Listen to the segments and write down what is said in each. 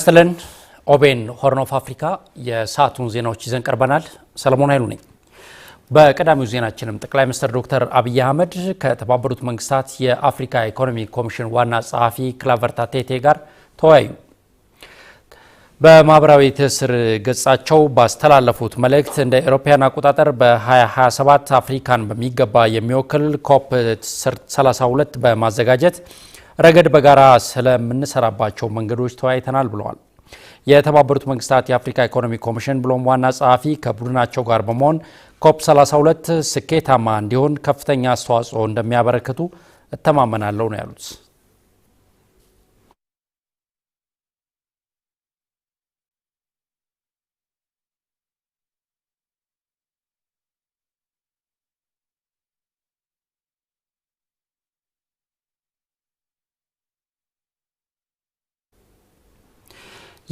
ጤና ኦቤን ሆርን ኦፍ አፍሪካ የሰዓቱን ዜናዎች ይዘን ቀርበናል። ሰለሞን ኃይሉ ነኝ። በቀዳሚው ዜናችንም ጠቅላይ ሚኒስትር ዶክተር አብይ አህመድ ከተባበሩት መንግስታት የአፍሪካ ኢኮኖሚ ኮሚሽን ዋና ጸሐፊ ክላቨርታ ቴቴ ጋር ተወያዩ። በማህበራዊ ትስስር ገጻቸው ባስተላለፉት መልእክት እንደ ኤሮፓያን አቆጣጠር በ2027 አፍሪካን በሚገባ የሚወክል ኮፕ 32 በማዘጋጀት ረገድ በጋራ ስለምንሰራባቸው መንገዶች ተወያይተናል ብለዋል። የተባበሩት መንግስታት የአፍሪካ ኢኮኖሚ ኮሚሽን ብሎም ዋና ጸሐፊ ከቡድናቸው ጋር በመሆን ኮፕ 32 ስኬታማ እንዲሆን ከፍተኛ አስተዋጽኦ እንደሚያበረክቱ እተማመናለሁ ነው ያሉት።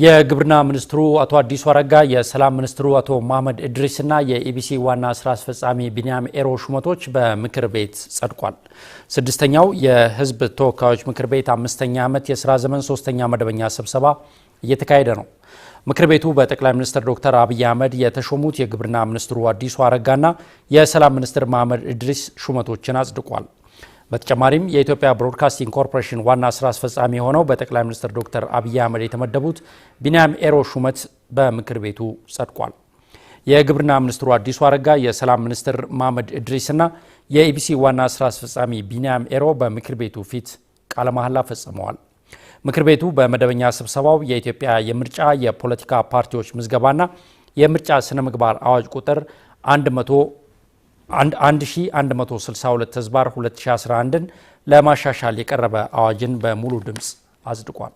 የግብርና ሚኒስትሩ አቶ አዲሱ አረጋ የሰላም ሚኒስትሩ አቶ መሐመድ እና የኢቢሲ ዋና ስራ አስፈጻሚ ቢንያም ኤሮ ሹመቶች በምክር ቤት ጸድቋል። ስድስተኛው የህዝብ ተወካዮች ምክር ቤት አምስተኛ ዓመት የስራ ዘመን ሶስተኛ መደበኛ ስብሰባ እየተካሄደ ነው። ምክር ቤቱ በጠቅላይ ሚኒስትር ዶክተር አብይ አህመድ የተሾሙት የግብርና ሚኒስትሩ አዲሱ አረጋና የሰላም ሚኒስትር መሐመድ እድሪስ ሹመቶችን አጽድቋል። በተጨማሪም የኢትዮጵያ ብሮድካስቲንግ ኮርፖሬሽን ዋና ስራ አስፈጻሚ የሆነው በጠቅላይ ሚኒስትር ዶክተር አብይ አህመድ የተመደቡት ቢንያም ኤሮ ሹመት በምክር ቤቱ ጸድቋል። የግብርና ሚኒስትሩ አዲሱ አረጋ፣ የሰላም ሚኒስትር ማህመድ እድሪስና የኢቢሲ ዋና ስራ አስፈጻሚ ቢንያም ኤሮ በምክር ቤቱ ፊት ቃለ መሐላ ፈጽመዋል። ምክር ቤቱ በመደበኛ ስብሰባው የኢትዮጵያ የምርጫ የፖለቲካ ፓርቲዎች ምዝገባና የምርጫ ስነ ምግባር አዋጅ ቁጥር 100 1162 ህዝባር 2011ን ለማሻሻል የቀረበ አዋጅን በሙሉ ድምፅ አጽድቋል።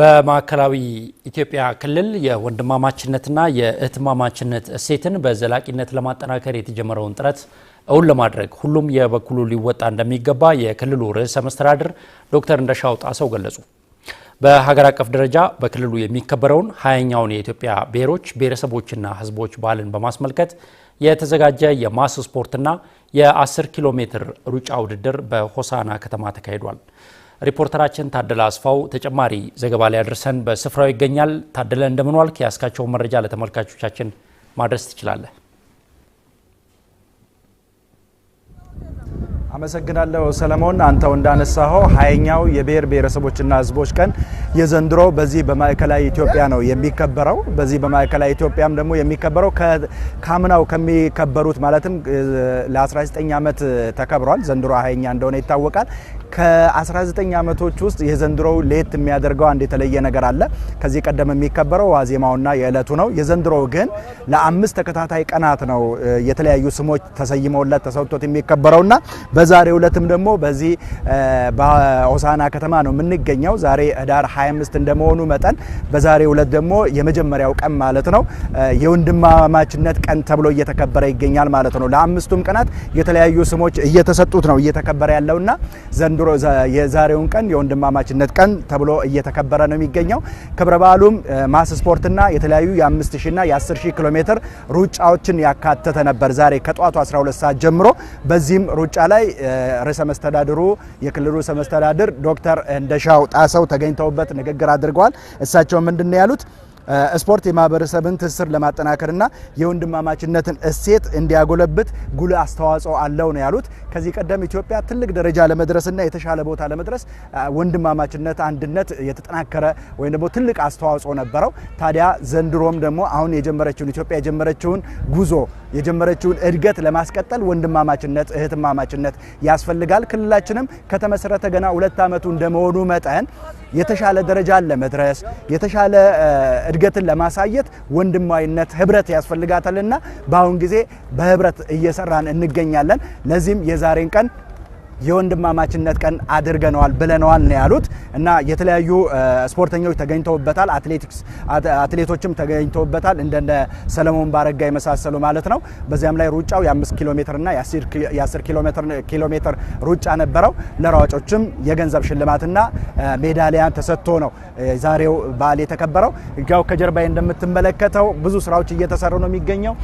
በማዕከላዊ ኢትዮጵያ ክልል የወንድማማችነትና የእህትማማችነት እሴትን በዘላቂነት ለማጠናከር የተጀመረውን ጥረት እውን ለማድረግ ሁሉም የበኩሉ ሊወጣ እንደሚገባ የክልሉ ርዕሰ መስተዳድር ዶክተር እንደሻው ጣሰው ገለጹ። በሀገር አቀፍ ደረጃ በክልሉ የሚከበረውን ሀያኛውን የኢትዮጵያ ብሔሮች ብሔረሰቦችና ሕዝቦች በዓልን በማስመልከት የተዘጋጀ የማስ ስፖርትና የ10 ኪሎ ሜትር ሩጫ ውድድር በሆሳና ከተማ ተካሂዷል። ሪፖርተራችን ታደለ አስፋው ተጨማሪ ዘገባ ላይ ያደርሰን በስፍራው ይገኛል። ታደለ እንደምን ዋልክ? የያዝካቸውን መረጃ ለተመልካቾቻችን ማድረስ ትችላለህ? አመሰግናለሁ ሰለሞን። አንተው እንዳነሳኸው ሀያኛው የብሔር ብሔረሰቦችና ሕዝቦች ቀን የዘንድሮ በዚህ በማዕከላዊ ኢትዮጵያ ነው የሚከበረው። በዚህ በማዕከላዊ ኢትዮጵያም ደግሞ የሚከበረው ከአምናው ከሚከበሩት ማለትም ለ19 ዓመት ተከብሯል። ዘንድሮ ሀያኛ እንደሆነ ይታወቃል። ከ19 ዓመቶች ውስጥ የዘንድሮው ለየት የሚያደርገው አንድ የተለየ ነገር አለ። ከዚህ ቀደም የሚከበረው ዋዜማውና የዕለቱ ነው። የዘንድሮው ግን ለአምስት ተከታታይ ቀናት ነው የተለያዩ ስሞች ተሰይመውለት ተሰጥቶት የሚከበረውና በዛሬው ዕለትም ደግሞ በዚህ በሆሳና ከተማ ነው የምንገኘው። ዛሬ ህዳር 25 እንደመሆኑ መጠን በዛሬው ዕለት ደግሞ የመጀመሪያው ቀን ማለት ነው የወንድማማችነት ቀን ተብሎ እየተከበረ ይገኛል ማለት ነው። ለአምስቱም ቀናት የተለያዩ ስሞች እየተሰጡት ነው እየተከበረ ያለውና ዘንድሮ ዘንድሮ የዛሬውን ቀን የወንድማማችነት ቀን ተብሎ እየተከበረ ነው የሚገኘው። ክብረ በዓሉም ማስ ስፖርትና የተለያዩ የ5000 እና የ10000 ኪሎ ሜትር ሩጫዎችን ያካተተ ነበር ዛሬ ከጧቱ 12 ሰዓት ጀምሮ። በዚህም ሩጫ ላይ ርዕሰ መስተዳድሩ የክልሉ ርዕሰ መስተዳድር ዶክተር እንደሻው ጣሰው ተገኝተውበት ንግግር አድርገዋል። እሳቸው ምንድነው ያሉት? ስፖርት የማህበረሰብን ትስስር ለማጠናከርና የወንድማማችነትን እሴት እንዲያጎለብት ጉልህ አስተዋጽኦ አለው ነው ያሉት። ከዚህ ቀደም ኢትዮጵያ ትልቅ ደረጃ ለመድረስና የተሻለ ቦታ ለመድረስ ወንድማማችነት፣ አንድነት የተጠናከረ ወይም ደግሞ ትልቅ አስተዋጽኦ ነበረው። ታዲያ ዘንድሮም ደግሞ አሁን የጀመረችውን ኢትዮጵያ የጀመረችውን ጉዞ የጀመረችውን እድገት ለማስቀጠል ወንድማማችነት፣ እህትማማችነት ያስፈልጋል። ክልላችንም ከተመሰረተ ገና ሁለት ዓመቱ እንደመሆኑ መጠን የተሻለ ደረጃን ለመድረስ የተሻለ እድገትን ለማሳየት ወንድማዊነት ህብረት ያስፈልጋታልና በአሁን ጊዜ በህብረት እየሰራን እንገኛለን። ለዚህም የዛሬን ቀን የወንድማማችነት ቀን አድርገነዋል ብለነዋል ነው ያሉት እና የተለያዩ ስፖርተኞች ተገኝተውበታል። አትሌቲክስ አትሌቶችም ተገኝተውበታል እንደነ ሰለሞን ባረጋ የመሳሰሉ ማለት ነው። በዚያም ላይ ሩጫው የ5 ኪሎ ሜትር የ10 ኪሎ ሜትር ሩጫ ነበረው። ለሯጮችም የገንዘብ ሽልማትና ሜዳሊያ ተሰጥቶ ነው ዛሬው በዓል የተከበረው። ያው ከጀርባዬ እንደምትመለከተው ብዙ ስራዎች እየተሰሩ ነው የሚገኘው።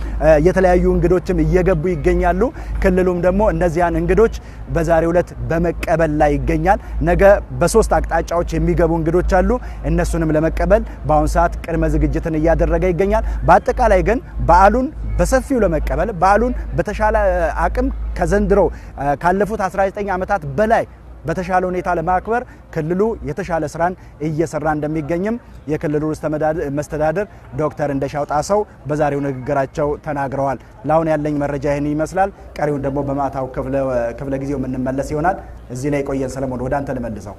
የተለያዩ እንግዶችም እየገቡ ይገኛሉ። ክልሉም ደግሞ እነዚያን እንግዶች በዛሬው በዛሬው ዕለት በመቀበል ላይ ይገኛል። ነገ በሶስት አቅጣጫዎች የሚገቡ እንግዶች አሉ። እነሱንም ለመቀበል በአሁኑ ሰዓት ቅድመ ዝግጅትን እያደረገ ይገኛል። በአጠቃላይ ግን በዓሉን በሰፊው ለመቀበል በዓሉን በተሻለ አቅም ከዘንድሮ ካለፉት 19 ዓመታት በላይ በተሻለ ሁኔታ ለማክበር ክልሉ የተሻለ ስራን እየሰራ እንደሚገኝም የክልሉ ርዕሰ መስተዳድር ዶክተር እንደሻው ጣሰው በዛሬው ንግግራቸው ተናግረዋል። ለአሁን ያለኝ መረጃ ይህን ይመስላል። ቀሪውን ደግሞ በማታው ክፍለ ጊዜው የምንመለስ ይሆናል። እዚህ ላይ ቆየን። ሰለሞን ወደ አንተ ልመልሰው።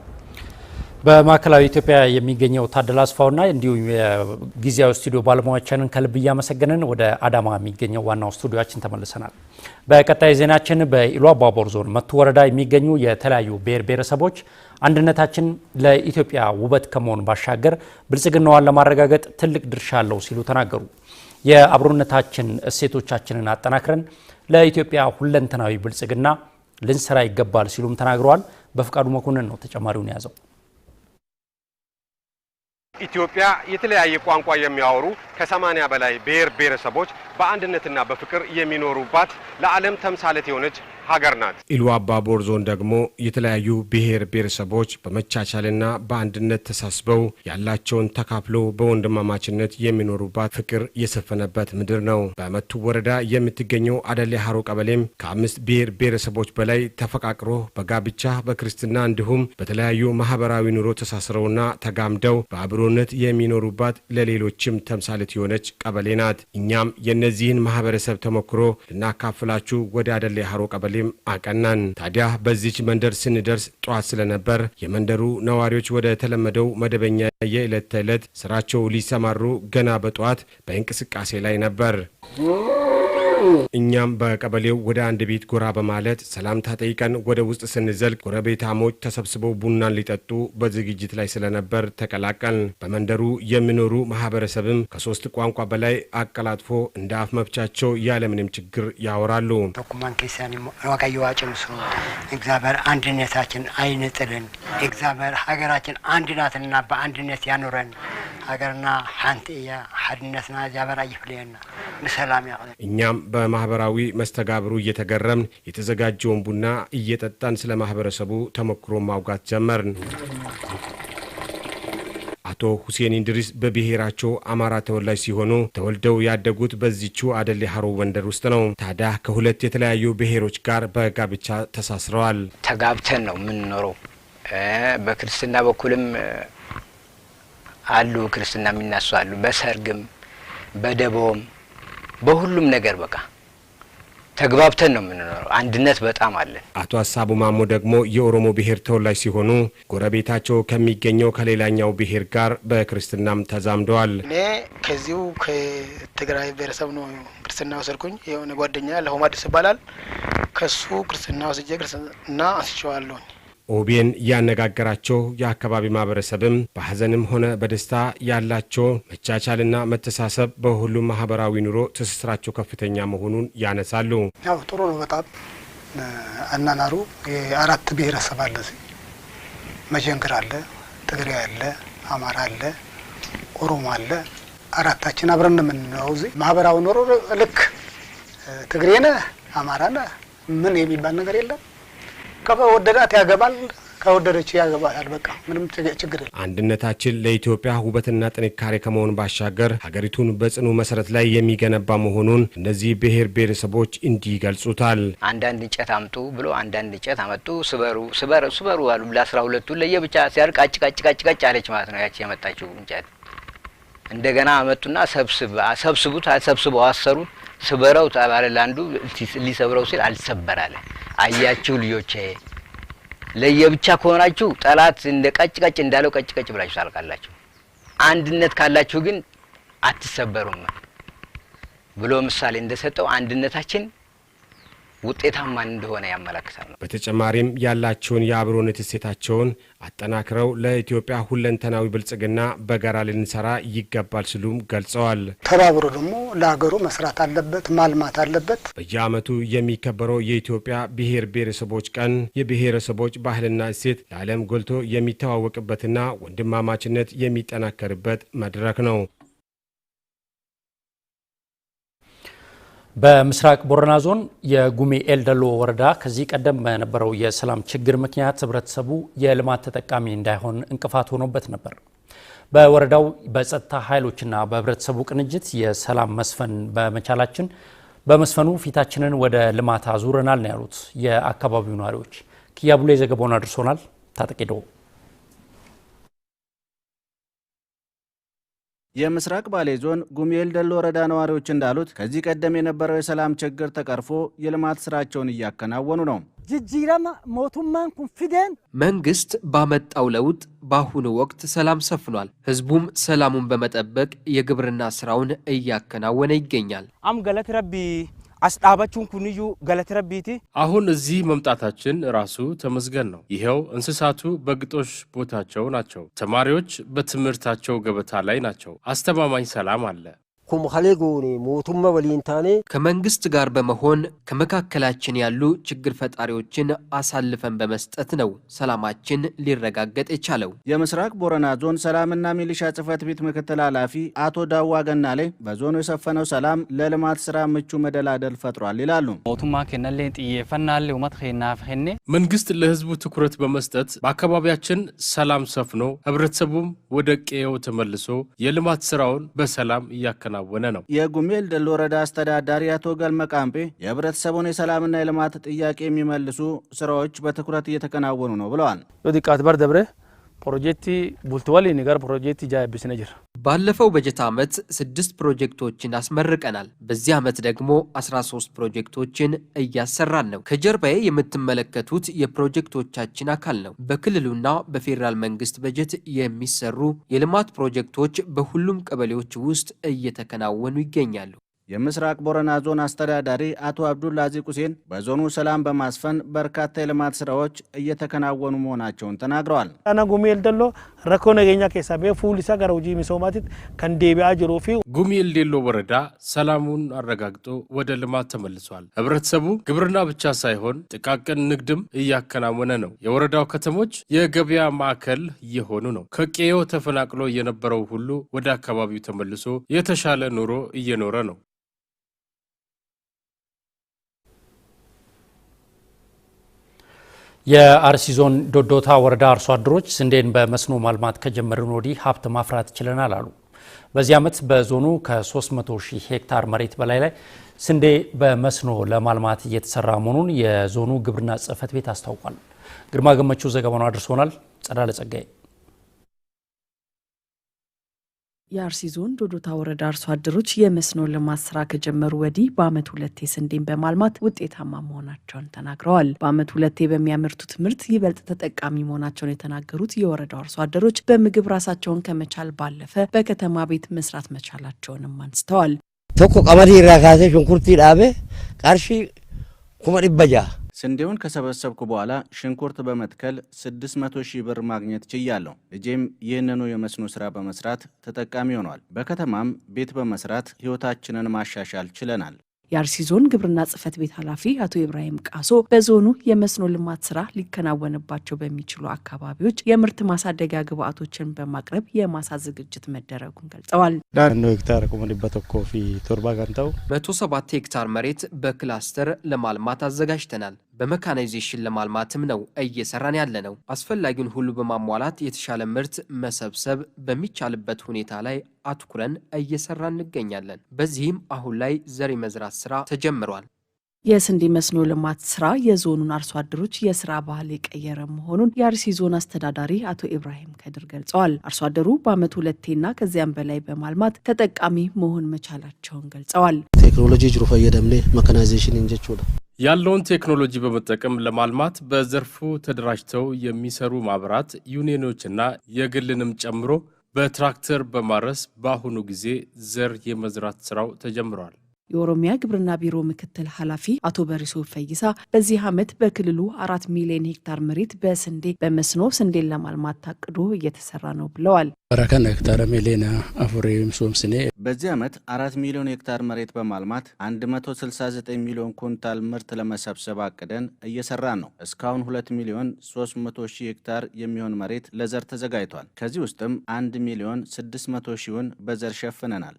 በማዕከላዊ ኢትዮጵያ የሚገኘው ታደለ አስፋውና እንዲሁም የጊዜያዊ ስቱዲዮ ባለሙያዎቻንን ከልብ እያመሰገንን ወደ አዳማ የሚገኘው ዋናው ስቱዲዮችን ተመልሰናል። በቀጣይ ዜናችን በኢሉ አባቦር ዞን መቱ ወረዳ የሚገኙ የተለያዩ ብሔር ብሔረሰቦች አንድነታችን ለኢትዮጵያ ውበት ከመሆን ባሻገር ብልጽግናዋን ለማረጋገጥ ትልቅ ድርሻ አለው ሲሉ ተናገሩ። የአብሮነታችን እሴቶቻችንን አጠናክረን ለኢትዮጵያ ሁለንተናዊ ብልጽግና ልንሰራ ይገባል ሲሉም ተናግረዋል። በፍቃዱ መኮንን ነው ተጨማሪውን የያዘው። ኢትዮጵያ የተለያየ ቋንቋ የሚያወሩ ከሰማንያ በላይ ብሔር ብሔረሰቦች በአንድነትና በፍቅር የሚኖሩባት ለዓለም ተምሳሌት የሆነች ሀገር ናት። ኢሉ አባቦር ዞን ደግሞ የተለያዩ ብሔር ብሔረሰቦች በመቻቻልና በአንድነት ተሳስበው ያላቸውን ተካፍሎ በወንድማማችነት የሚኖሩባት ፍቅር የሰፈነበት ምድር ነው። በመቱ ወረዳ የምትገኘው አደሌ ሀሮ ቀበሌም ከአምስት ብሔር ብሔረሰቦች በላይ ተፈቃቅሮ በጋብቻ በክርስትና እንዲሁም በተለያዩ ማህበራዊ ኑሮ ተሳስረውና ተጋምደው በአብሮነት የሚኖሩባት ለሌሎችም ተምሳሌት የሆነች ቀበሌ ናት። እኛም የእነዚህን ማህበረሰብ ተሞክሮ ልናካፍላችሁ ወደ አደሌ ሀሮ ቀበሌ ስታዲየም አቀናን። ታዲያ በዚች መንደር ስንደርስ ጠዋት ስለነበር የመንደሩ ነዋሪዎች ወደ ተለመደው መደበኛ የዕለት ተዕለት ስራቸው ሊሰማሩ ገና በጠዋት በእንቅስቃሴ ላይ ነበር። እኛም በቀበሌው ወደ አንድ ቤት ጎራ በማለት ሰላምታ ጠይቀን ወደ ውስጥ ስንዘልቅ ጎረቤታሞች ተሰብስበው ቡናን ሊጠጡ በዝግጅት ላይ ስለነበር ተቀላቀል። በመንደሩ የሚኖሩ ማህበረሰብም ከሶስት ቋንቋ በላይ አቀላጥፎ እንደ አፍ መፍቻቸው ያለምንም ችግር ያወራሉ። ቶኩማን ኬሳኒ እግዚአብሔር አንድነታችን አይንጥልን። እግዚአብሔር ሀገራችን አንድ ናትና በአንድነት ያኖረን ሀገርና ሓንቲ እያ ሓድነትና ጃበራ ይፍለየና ንሰላም ያ እኛም በማህበራዊ መስተጋብሩ እየተገረምን የተዘጋጀውን ቡና እየጠጣን ስለ ማህበረሰቡ ተሞክሮ ማውጋት ጀመርን። አቶ ሁሴን ኢድሪስ በብሔራቸው አማራ ተወላጅ ሲሆኑ ተወልደው ያደጉት በዚቹ አደሌ ሀሮ መንደር ውስጥ ነው። ታዲያ ከሁለት የተለያዩ ብሔሮች ጋር በጋብቻ ተሳስረዋል። ተጋብተን ነው የምንኖረው። በክርስትና በኩልም አሉ ክርስትና የሚናሱ አሉ። በሰርግም በደቦም በሁሉም ነገር በቃ ተግባብተን ነው የምንኖረው። አንድነት በጣም አለን። አቶ ሀሳቡ ማሞ ደግሞ የኦሮሞ ብሔር ተወላጅ ሲሆኑ ጎረቤታቸው ከሚገኘው ከሌላኛው ብሔር ጋር በክርስትናም ተዛምደዋል። እኔ ከዚሁ ከትግራይ ብሔረሰብ ነው ክርስትና ወሰድኩኝ። የሆነ ጓደኛ ለሆማድስ ይባላል። ከሱ ክርስትና ወስጄ ክርስትና አስቸዋለሁኝ ኦቤን ያነጋገራቸው የአካባቢ ማህበረሰብም በሐዘንም ሆነ በደስታ ያላቸው መቻቻልና መተሳሰብ በሁሉም ማህበራዊ ኑሮ ትስስራቸው ከፍተኛ መሆኑን ያነሳሉ። ያው ጥሩ ነው በጣም አናናሩ። የአራት ብሔረሰብ አለ እዚህ መጀንግር አለ፣ ትግሬ አለ፣ አማራ አለ፣ ኦሮሞ አለ። አራታችን አብረን ነው የምንኖረው እዚህ ማህበራዊ ኑሮ ልክ ትግሬ ነህ አማራ ነህ ምን የሚባል ነገር የለም። ከወደዳት ያገባል ከወደደች ያገባል። በቃ ምንም ችግር የለም። አንድነታችን ለኢትዮጵያ ውበትና ጥንካሬ ከመሆን ባሻገር ሀገሪቱን በጽኑ መሰረት ላይ የሚገነባ መሆኑን እነዚህ ብሔር ብሔረሰቦች እንዲህ ይገልጹታል። አንዳንድ እንጨት አምጡ ብሎ አንዳንድ እንጨት አመጡ። ስበሩ ስበሩ ስበሩ አሉ። ለአስራ ሁለቱ ለየብቻ ሲያልቅ አጭቃጭቃጭቃጭ አለች ማለት ነው ያቺ የመጣችው እንጨት። እንደገና አመጡና ሰብስብ ሰብስቡት ሰብስበው አሰሩት። ስበረው ተባለ ላንዱ ሊሰብረው ሲል አልሰበራለ። አያችሁ ልጆቼ ለየብቻ ከሆናችሁ ጠላት እንደ ቀጭ ቀጭ እንዳለው ቀጭ ቀጭ ብላችሁ ታልቃላችሁ። አንድነት ካላችሁ ግን አትሰበሩም ብሎ ምሳሌ እንደሰጠው አንድነታችን ውጤታማ እንደሆነ ያመላክታል። በተጨማሪም ያላቸውን የአብሮነት እሴታቸውን አጠናክረው ለኢትዮጵያ ሁለንተናዊ ብልጽግና በጋራ ልንሰራ ይገባል ሲሉም ገልጸዋል። ተባብሮ ደግሞ ለሀገሩ መስራት አለበት፣ ማልማት አለበት። በየዓመቱ የሚከበረው የኢትዮጵያ ብሔር ብሔረሰቦች ቀን የብሔረሰቦች ባህልና እሴት ለዓለም ጎልቶ የሚተዋወቅበትና ወንድማማችነት የሚጠናከርበት መድረክ ነው። በምስራቅ ቦረና ዞን የጉሜ ኤልደሎ ወረዳ ከዚህ ቀደም በነበረው የሰላም ችግር ምክንያት ህብረተሰቡ የልማት ተጠቃሚ እንዳይሆን እንቅፋት ሆኖበት ነበር። በወረዳው በጸጥታ ኃይሎችና በህብረተሰቡ ቅንጅት የሰላም መስፈን በመቻላችን በመስፈኑ ፊታችንን ወደ ልማት አዙረናል ነው ያሉት የአካባቢው ነዋሪዎች። ኪያቡሌ ዘገባውን አድርሶናል። ታጠቂደው የምስራቅ ባሌ ዞን ጉሜል ደሎ ወረዳ ነዋሪዎች እንዳሉት ከዚህ ቀደም የነበረው የሰላም ችግር ተቀርፎ የልማት ስራቸውን እያከናወኑ ነው። ጅጅረማ ሞቱማን ፊደን መንግስት ባመጣው ለውጥ በአሁኑ ወቅት ሰላም ሰፍኗል። ህዝቡም ሰላሙን በመጠበቅ የግብርና ስራውን እያከናወነ ይገኛል። አም ገለት ረቢ አስጣባችሁን ኩንዩ ገለተ ረቢቲ አሁን እዚህ መምጣታችን ራሱ ተመስገን ነው። ይኸው እንስሳቱ በግጦሽ ቦታቸው ናቸው። ተማሪዎች በትምህርታቸው ገበታ ላይ ናቸው። አስተማማኝ ሰላም አለ። ከመንግስት ጋር በመሆን ከመካከላችን ያሉ ችግር ፈጣሪዎችን አሳልፈን በመስጠት ነው ሰላማችን ሊረጋገጥ የቻለው። የምስራቅ ቦረና ዞን ሰላምና ሚሊሻ ጽህፈት ቤት ምክትል ኃላፊ አቶ ዳዋ ገናሌ በዞኑ የሰፈነው ሰላም ለልማት ስራ ምቹ መደላደል ፈጥሯል ይላሉ። መንግስት ለህዝቡ ትኩረት በመስጠት በአካባቢያችን ሰላም ሰፍኖ ህብረተሰቡም ወደ ቀየው ተመልሶ የልማት ስራውን በሰላም እያከናል እየተከናወነ ነው። የጉሜል ደሎ ወረዳ አስተዳዳሪ አቶ ገልመ ቃምጴ የህብረተሰቡን የሰላምና የልማት ጥያቄ የሚመልሱ ስራዎች በትኩረት እየተከናወኑ ነው ብለዋል። ቃት በር ደብረ ፕሮጀክት ቡልትዋል ነገር ፕሮጀክት ጃያብስነ ጅር ባለፈው በጀት ዓመት ስድስት ፕሮጀክቶችን አስመርቀናል። በዚህ ዓመት ደግሞ 13 ፕሮጀክቶችን እያሰራን ነው። ከጀርባዬ የምትመለከቱት የፕሮጀክቶቻችን አካል ነው። በክልሉና በፌዴራል መንግስት በጀት የሚሰሩ የልማት ፕሮጀክቶች በሁሉም ቀበሌዎች ውስጥ እየተከናወኑ ይገኛሉ። የምስራቅ ቦረና ዞን አስተዳዳሪ አቶ አብዱልአዚቅ ሁሴን በዞኑ ሰላም በማስፈን በርካታ የልማት ስራዎች እየተከናወኑ መሆናቸውን ተናግረዋል። ጉሜል ደሎ ረኮ ነገኛ ኬሳ ፉሊሳ ጋር ውጂ ሚሶማቲት ከንዴቢያ ጅሮ ፊ ጉሜል ዴሎ ወረዳ ሰላሙን አረጋግጦ ወደ ልማት ተመልሷል። ህብረተሰቡ ግብርና ብቻ ሳይሆን ጥቃቅን ንግድም እያከናወነ ነው። የወረዳው ከተሞች የገበያ ማዕከል እየሆኑ ነው። ከቄዮ ተፈናቅሎ የነበረው ሁሉ ወደ አካባቢው ተመልሶ የተሻለ ኑሮ እየኖረ ነው። የአርሲ ዞን ዶዶታ ወረዳ አርሶ አደሮች ስንዴን በመስኖ ማልማት ከጀመርን ወዲህ ሀብት ማፍራት ችለናል አሉ። በዚህ ዓመት በዞኑ ከ300 ሺህ ሄክታር መሬት በላይ ላይ ስንዴ በመስኖ ለማልማት እየተሰራ መሆኑን የዞኑ ግብርና ጽሕፈት ቤት አስታውቋል። ግርማ ገመቹ ዘገባውን አድርሶናል። ጸዳለ ጸጋዬ የአርሲ ዞን ዶዶታ ወረዳ አርሶ አደሮች የመስኖ ልማት ስራ ከጀመሩ ወዲህ በዓመት ሁለቴ ስንዴን በማልማት ውጤታማ መሆናቸውን ተናግረዋል። በአመት ሁለቴ በሚያመርቱት ምርት ይበልጥ ተጠቃሚ መሆናቸውን የተናገሩት የወረዳው አርሶ አደሮች በምግብ ራሳቸውን ከመቻል ባለፈ በከተማ ቤት መስራት መቻላቸውንም አንስተዋል። ቶኮ ቀመሪ ራካሴ ሽንኩርቲ ዳቤ ቃርሺ ኩመ ስንዴውን ከሰበሰብኩ በኋላ ሽንኩርት በመትከል 600 ሺህ ብር ማግኘት ችያለሁ። ልጄም ይህንኑ የመስኖ ስራ በመስራት ተጠቃሚ ሆኗል። በከተማም ቤት በመስራት ህይወታችንን ማሻሻል ችለናል። የአርሲ ዞን ግብርና ጽህፈት ቤት ኃላፊ አቶ ኢብራሂም ቃሶ በዞኑ የመስኖ ልማት ስራ ሊከናወንባቸው በሚችሉ አካባቢዎች የምርት ማሳደጊያ ግብዓቶችን በማቅረብ የማሳ ዝግጅት መደረጉን ገልጸዋል። ሄክታር በቶ ሰባት ሄክታር መሬት በክላስተር ለማልማት አዘጋጅተናል። በመካናይዜሽን ለማልማትም ነው እየሰራን ያለ ነው። አስፈላጊውን ሁሉ በማሟላት የተሻለ ምርት መሰብሰብ በሚቻልበት ሁኔታ ላይ አትኩረን እየሰራ እንገኛለን። በዚህም አሁን ላይ ዘር መዝራት ስራ ተጀምሯል። የስንዴ መስኖ ልማት ስራ የዞኑን አርሶ አደሮች የስራ ባህል የቀየረ መሆኑን የአርሲ ዞን አስተዳዳሪ አቶ ኢብራሂም ከድር ገልጸዋል። አርሶ አደሩ በዓመት ሁለቴና ከዚያም በላይ በማልማት ተጠቃሚ መሆን መቻላቸውን ገልጸዋል። ቴክኖሎጂ ጅሩፈ የደምኔ መካናይዜሽን እንጀች ያለውን ቴክኖሎጂ በመጠቀም ለማልማት በዘርፉ ተደራጅተው የሚሰሩ ማህበራት፣ ዩኒየኖችና የግልንም ጨምሮ በትራክተር በማረስ በአሁኑ ጊዜ ዘር የመዝራት ስራው ተጀምሯል። የኦሮሚያ ግብርና ቢሮ ምክትል ኃላፊ አቶ በሪሶ ፈይሳ በዚህ ዓመት በክልሉ አራት ሚሊዮን ሄክታር መሬት በስንዴ በመስኖ ስንዴን ለማልማት ታቅዶ እየተሰራ ነው ብለዋል። ረከን ሄክታር ሚሊዮን አፉሪ ሶምስኔ በዚህ ዓመት አራት ሚሊዮን ሄክታር መሬት በማልማት 169 ሚሊዮን ኩንታል ምርት ለመሰብሰብ አቅደን እየሰራ ነው። እስካሁን 2 ሚሊዮን 300 ሺህ ሄክታር የሚሆን መሬት ለዘር ተዘጋጅቷል። ከዚህ ውስጥም 1 ሚሊዮን 600 ሺውን በዘር ሸፍነናል።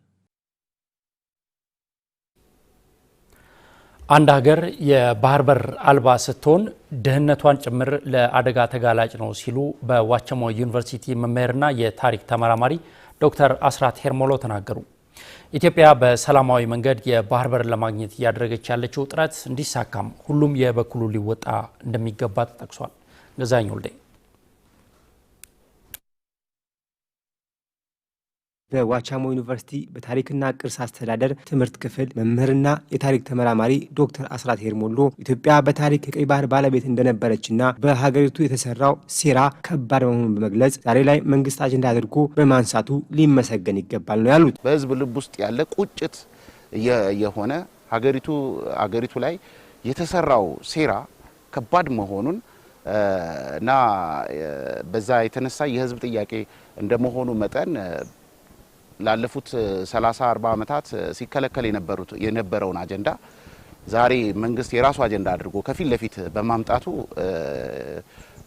አንድ ሀገር የባህር በር አልባ ስትሆን ደህንነቷን ጭምር ለአደጋ ተጋላጭ ነው ሲሉ በዋቸሞ ዩኒቨርሲቲ መምህርና የታሪክ ተመራማሪ ዶክተር አስራት ሄርሞሎ ተናገሩ። ኢትዮጵያ በሰላማዊ መንገድ የባህር በር ለማግኘት እያደረገች ያለችው ጥረት እንዲሳካም ሁሉም የበኩሉ ሊወጣ እንደሚገባ ተጠቅሷል። ገዛኝ ወልዴ በዋቻሞ ዩኒቨርሲቲ በታሪክና ቅርስ አስተዳደር ትምህርት ክፍል መምህርና የታሪክ ተመራማሪ ዶክተር አስራት ሄርሞሎ ኢትዮጵያ በታሪክ የቀይ ባህር ባለቤት እንደነበረችና በሀገሪቱ የተሰራው ሴራ ከባድ መሆኑን በመግለጽ ዛሬ ላይ መንግስት አጀንዳ አድርጎ በማንሳቱ ሊመሰገን ይገባል ነው ያሉት። በህዝብ ልብ ውስጥ ያለ ቁጭት የሆነ ሀገሪቱ ሀገሪቱ ላይ የተሰራው ሴራ ከባድ መሆኑን እና በዛ የተነሳ የህዝብ ጥያቄ እንደመሆኑ መጠን ላለፉት 30 40 ዓመታት ሲከለከል የነበረውን አጀንዳ ዛሬ መንግስት የራሱ አጀንዳ አድርጎ ከፊት ለፊት በማምጣቱ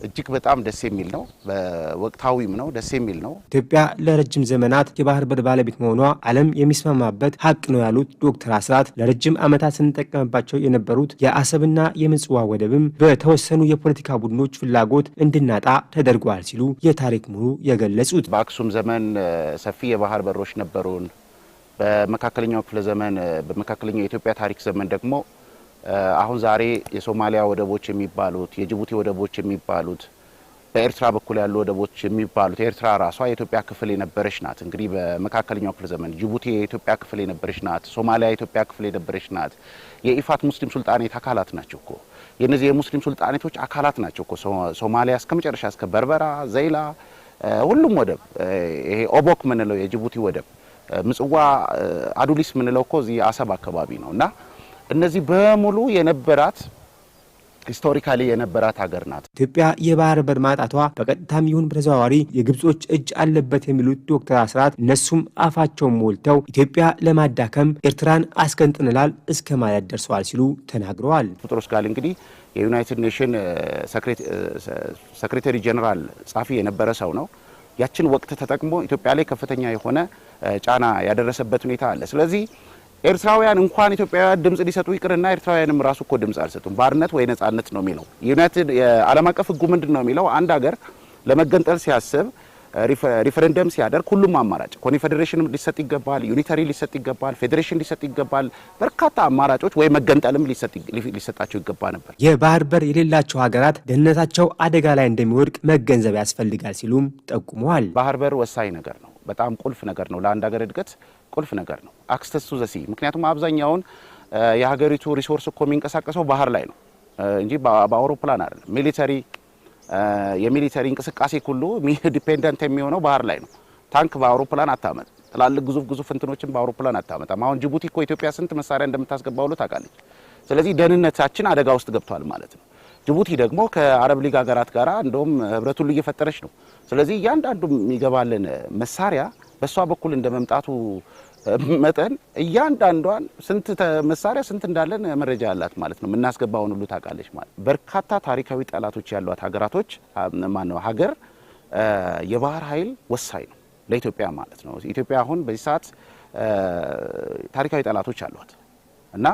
እጅግ በጣም ደስ የሚል ነው። በወቅታዊም ነው፣ ደስ የሚል ነው። ኢትዮጵያ ለረጅም ዘመናት የባህር በር ባለቤት መሆኗ ዓለም የሚስማማበት ሀቅ ነው ያሉት ዶክተር አስራት ለረጅም ዓመታት ስንጠቀምባቸው የነበሩት የአሰብና የምጽዋ ወደብም በተወሰኑ የፖለቲካ ቡድኖች ፍላጎት እንድናጣ ተደርጓል ሲሉ የታሪክ ምሁሩ የገለጹት በአክሱም ዘመን ሰፊ የባህር በሮች ነበሩን። በመካከለኛው ክፍለ ዘመን በመካከለኛው የኢትዮጵያ ታሪክ ዘመን ደግሞ አሁን ዛሬ የሶማሊያ ወደቦች የሚባሉት የጅቡቲ ወደቦች የሚባሉት በኤርትራ በኩል ያሉ ወደቦች የሚባሉት ኤርትራ ራሷ የኢትዮጵያ ክፍል የነበረች ናት። እንግዲህ በመካከለኛው ክፍለ ዘመን ጅቡቲ የኢትዮጵያ ክፍል የነበረች ናት። ሶማሊያ የኢትዮጵያ ክፍል የነበረች ናት። የኢፋት ሙስሊም ሱልጣኔት አካላት ናቸው እኮ የነዚህ የሙስሊም ሱልጣኔቶች አካላት ናቸው እኮ ሶማሊያ እስከ መጨረሻ እስከ በርበራ፣ ዘይላ፣ ሁሉም ወደብ ይሄ ኦቦክ ምንለው የጅቡቲ ወደብ ምጽዋ፣ አዱሊስ ምንለው እኮ እዚህ አሰብ አካባቢ ነው እና እነዚህ በሙሉ የነበራት ሂስቶሪካሊ የነበራት ሀገር ናት ኢትዮጵያ። የባህር በር ማጣቷ በቀጥታም ይሁን በተዘዋዋሪ የግብጾች እጅ አለበት የሚሉት ዶክተር አስራት እነሱም አፋቸውን ሞልተው ኢትዮጵያ ለማዳከም ኤርትራን አስገንጥንላል እስከ ማለት ደርሰዋል ሲሉ ተናግረዋል። ቡትሮስ ጋል እንግዲህ የዩናይትድ ኔሽን ሰክሬታሪ ጀኔራል ጻፊ የነበረ ሰው ነው። ያችን ወቅት ተጠቅሞ ኢትዮጵያ ላይ ከፍተኛ የሆነ ጫና ያደረሰበት ሁኔታ አለ። ስለዚህ ኤርትራውያን እንኳን ኢትዮጵያውያን ድምጽ ሊሰጡ ይቅርና ኤርትራውያንም ራሱ እኮ ድምጽ አልሰጡም። ባርነት ወይ ነጻነት ነው የሚለው ዩናይትድ የዓለም አቀፍ ህጉ ምንድን ነው የሚለው? አንድ ሀገር ለመገንጠል ሲያስብ ሪፈረንደም ሲያደርግ ሁሉም አማራጭ ኮንፌዴሬሽን ሊሰጥ ይገባል፣ ዩኒታሪ ሊሰጥ ይገባል፣ ፌዴሬሽን ሊሰጥ ይገባል። በርካታ አማራጮች ወይ መገንጠልም ሊሰጣቸው ይገባ ነበር። የባህር በር የሌላቸው ሀገራት ደህንነታቸው አደጋ ላይ እንደሚወድቅ መገንዘብ ያስፈልጋል ሲሉም ጠቁመዋል። ባህር በር ወሳኝ ነገር ነው። በጣም ቁልፍ ነገር ነው ለአንድ ሀገር እድገት ቁልፍ ነገር ነው። አክሰስ ቱ ዘሲ ምክንያቱም አብዛኛውን የሀገሪቱ ሪሶርስ እኮ የሚንቀሳቀሰው ባህር ላይ ነው እንጂ በአውሮፕላን አይደለም። ሚሊተሪ የሚሊተሪ እንቅስቃሴ ሁሉ ዲፔንደንት የሚሆነው ባህር ላይ ነው። ታንክ በአውሮፕላን አታመጥ ትላልቅ ግዙፍ ግዙፍ እንትኖችን በአውሮፕላን አታመጣም። አሁን ጅቡቲ እኮ ኢትዮጵያ ስንት መሳሪያ እንደምታስገባ ብሎ ታውቃለች። ስለዚህ ደህንነታችን አደጋ ውስጥ ገብቷል ማለት ነው። ጅቡቲ ደግሞ ከአረብ ሊግ ሀገራት ጋር እንደውም ህብረቱን እየፈጠረች ነው። ስለዚህ እያንዳንዱ የሚገባልን መሳሪያ በእሷ በኩል እንደ መምጣቱ መጠን እያንዳንዷን ስንት መሳሪያ ስንት እንዳለን መረጃ ያላት ማለት ነው የምናስገባውን ሁሉ ታውቃለች ማለት በርካታ ታሪካዊ ጠላቶች ያሏት ሀገራቶች ማነው ሀገር የባህር ኃይል ወሳኝ ነው ለኢትዮጵያ ማለት ነው። ኢትዮጵያ አሁን በዚህ ሰዓት ታሪካዊ ጠላቶች አሏት እና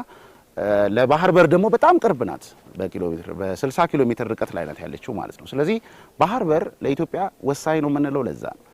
ለባህር በር ደግሞ በጣም ቅርብ ናት። በኪሎ ሜትር በ60 ኪሎ ሜትር ርቀት ላይ ናት ያለችው ማለት ነው። ስለዚህ ባህር በር ለኢትዮጵያ ወሳኝ ነው የምንለው ለዛ ነው።